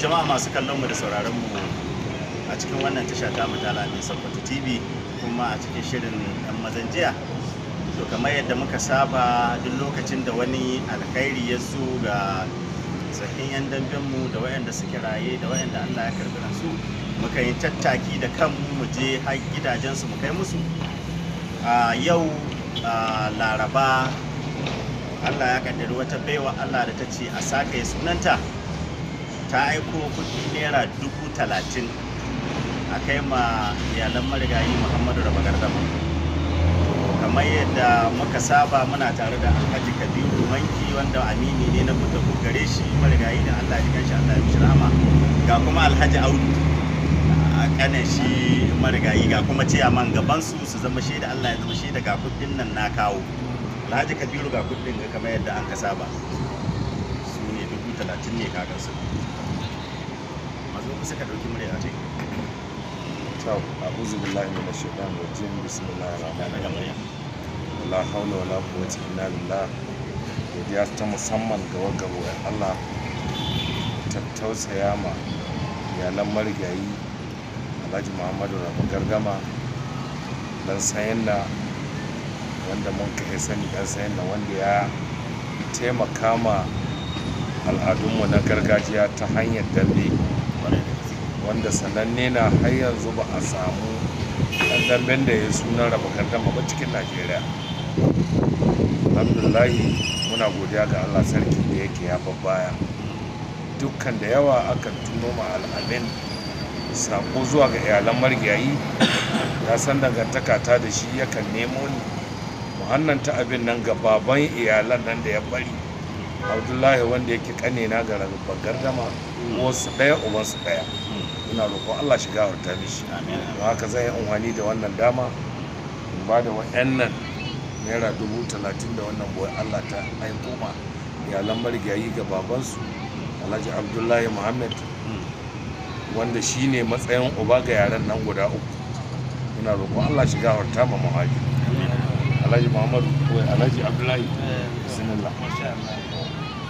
jama'a masu kallon mu da sauraron mu a cikin wannan tasha ta mu ta Lami sabbata TV kuma a cikin shirin dan mazan jiya to kamar yadda muka saba duk lokacin da wani alkhairi ya zo ga tsakin yan damben mu da wayanda suke raye da wayanda Allah ya karbi su muka yi tattaki da kanmu mu je har su mu kai musu a yau laraba Allah ya kaddara wata baiwa Allah da ta ce a sake sunanta ta aiko kuɗi naira dubu talatin a kai ma iyalan marigayi muhammadu raba gardama kamar yadda muka saba muna tare da alhaji kabiru manki wanda amini ne na kuta gare shi marigayi da allah ya shi allah ya mishi rahama ga kuma alhaji audu a kanin shi marigayi ga kuma ciyaman gabansu su zama shi da allah ya zama da ga kuɗin nan na kawo alhaji kabiru ga kudin ga kamar yadda an ka saba su ne dubu talatin ne kagansu kusa ka ɗauki murya ta to a'udhu billahi minash shaitanir rajim bismillahir rahmanir la wala quwwata illa billah godiya ta musamman ga wagabo Allah ma iyalan marigayi Alhaji Muhammadu Rabu Gargama dan sayan da wanda mun kai sani dan sayan da wanda ya taimaka ma al'adunmu na gargajiya ta hanyar dambe wanda sananne na har yanzu ba a samu ɗan damben da ya sunan raba gardama ba cikin najeriya alhamdulahi muna godiya ga allah sarki da yake ya babbaya dukkan da yawa akan tuno ma al'amin sako zuwa ga iyalan marigayi ya san dangantakata da shi yakan nemo ni muhannanta abin nan ga baban iyalan nan da ya bari abdullahi wanda yake kane na ga rabbar gardama wasu daya uban su daya ina roƙo Allah shiga warta mishi don haka zan yi unhani da wannan dama in ba da wa'annan naira dubu talatin da wannan boye Allah ta aiko ma iyalan marigayi ga babansu alhaji abdullahi muhammad wanda shi ne matsayin uba ga yaren nan guda uku Ina roƙo allah shiga harta ma muhaji alhaji muhammadu alhaji abdullahi eh. bismillah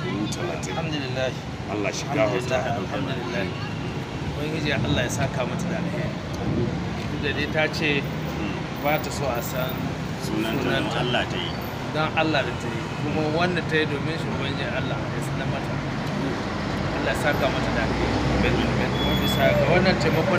shekaru talatin alhamdulillah Allah shi gafarta alhamdulillah ubangiji Allah ya saka mata da alheri da dai ta ce ba ta so a san sunanta don Allah ta yi don Allah da ta yi kuma wanda ta yi domin shi Allah ya sanar mata Allah ya saka mata da alheri bisa ga wannan taimakon